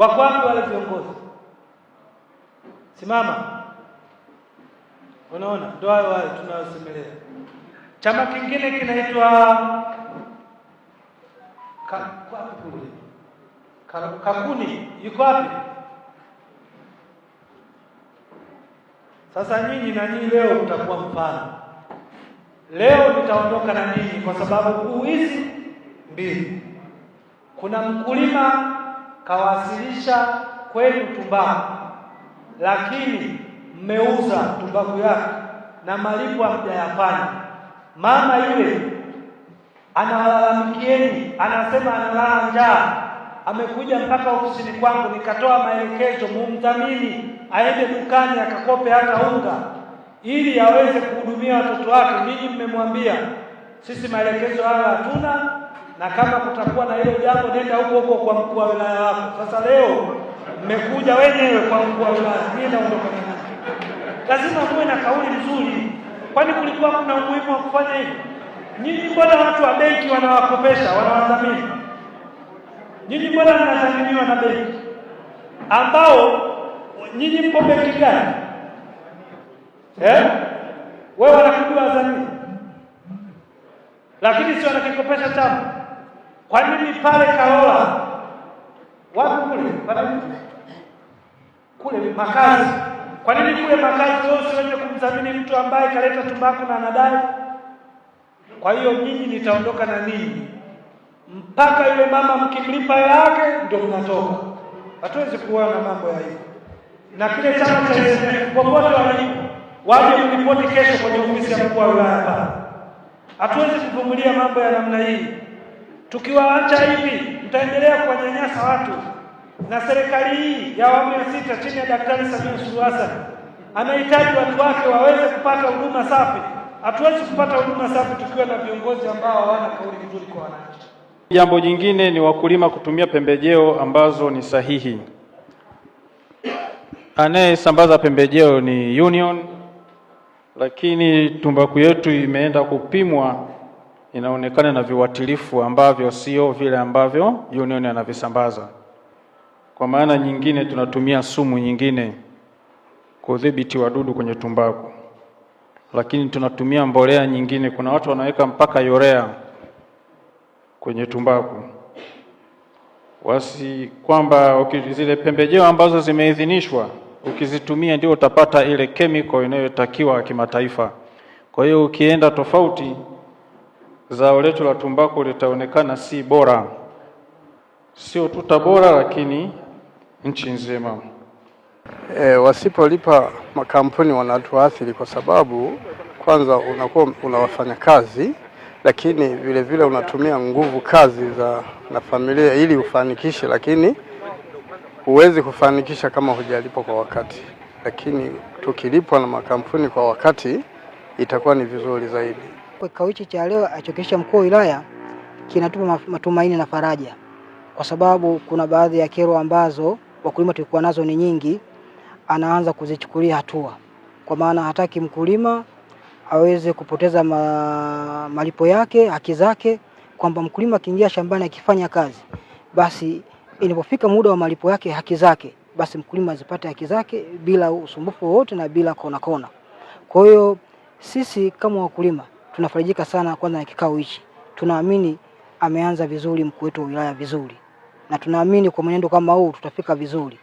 wa kwangu wale viongozi? Simama, unaona, ndo hayo hayo tunayosemelea. Chama kingine kinaitwa Kakuni, yuko wapi sasa? Nyinyi na nyinyi leo mtakuwa mfano. Leo nitaondoka na nyinyi kwa sababu kuu hizi mbili. Kuna mkulima kawasilisha kwenu tumbaku, lakini mmeuza tumbaku yake na malipo hamjayafanya, mama yule anawalalamikieni, anasema analala njaa, amekuja mpaka ofisini kwangu, nikatoa maelekezo mumdhamini aende dukani akakope hata unga ili aweze kuhudumia watoto wake. Ninyi mmemwambia sisi maelekezo hayo hatuna na kama kutakuwa na hilo jambo, nenda huko huko kwa mkuu wa wilaya wako. Sasa leo mmekuja wenyewe kwa mkuu wa wilaya, nenda ondokana nayo. Lazima muwe na kauli nzuri, kwani kulikuwa kuna umuhimu wa kufanya hivyo? Nyinyi mbona watu wa benki wanawakopesha, wanawadhamini? Nyinyi mbona mnadhaminiwa na benki ambao nyinyi mko benki gani eh? Wewe wanakujua wadhamini, lakini sio wanakikopesha chama kwa nini pale Kaola wapi kule pana kule makazi? Kwa nini kule makazi wao siweze kumdhamini mtu ambaye kaleta tumbaku na anadai? Kwa hiyo nyinyi nitaondoka na nini? Mpaka yule mama mkimlipa yake ndio mnatoka. Hatuwezi kuwa na mambo ya hiyo. Na kile chama cha SMU popote walipo waje kuripoti kesho kwenye ofisi ya mkuu wa wilaya hapa. Hatuwezi kuvumilia mambo ya namna hii. Tukiwaacha hivi, mtaendelea kuwanyanyasa watu, na serikali hii ya awamu ya sita chini ya Daktari Samia Suluhu Hassan anahitaji watu wake waweze kupata huduma safi. Hatuwezi kupata huduma safi tukiwa na viongozi ambao hawana kauli nzuri kwa wananchi. Jambo jingine ni wakulima kutumia pembejeo ambazo ni sahihi. Anayesambaza pembejeo ni union, lakini tumbaku yetu imeenda kupimwa inaonekana na viwatilifu ambavyo sio vile ambavyo union anavisambaza. Kwa maana nyingine, tunatumia sumu nyingine kudhibiti wadudu kwenye tumbaku, lakini tunatumia mbolea nyingine. Kuna watu wanaweka mpaka urea kwenye tumbaku, wasi kwamba zile pembejeo ambazo zimeidhinishwa ukizitumia ndio utapata ile chemical inayotakiwa kimataifa. Kwa hiyo ukienda tofauti zao letu la tumbaku litaonekana si bora, sio tu Tabora lakini nchi nzima. E, wasipolipa makampuni wanatuathiri kwa sababu kwanza unakuwa unawafanya kazi, lakini vile vile unatumia nguvu kazi za na familia ili ufanikishe, lakini huwezi kufanikisha kama hujalipwa kwa wakati. Lakini tukilipwa na makampuni kwa wakati itakuwa ni vizuri zaidi kwa kikao hichi cha leo achokesha mkuu wa wilaya kinatupa matumaini na faraja, kwa sababu kuna baadhi ya kero ambazo wakulima tulikuwa nazo ni nyingi, anaanza kuzichukulia hatua, kwa maana hataki mkulima aweze kupoteza ma, malipo yake, haki zake, kwamba mkulima akiingia shambani akifanya kazi, basi inapofika muda wa malipo yake, haki zake, basi mkulima azipate haki zake bila usumbufu wowote na bila kona kona. Kwa hiyo sisi kama wakulima tunafarijika sana kwanza na kikao hichi. Tunaamini ameanza vizuri mkuu wetu wa wilaya vizuri, na tunaamini kwa mwenendo kama huu tutafika vizuri.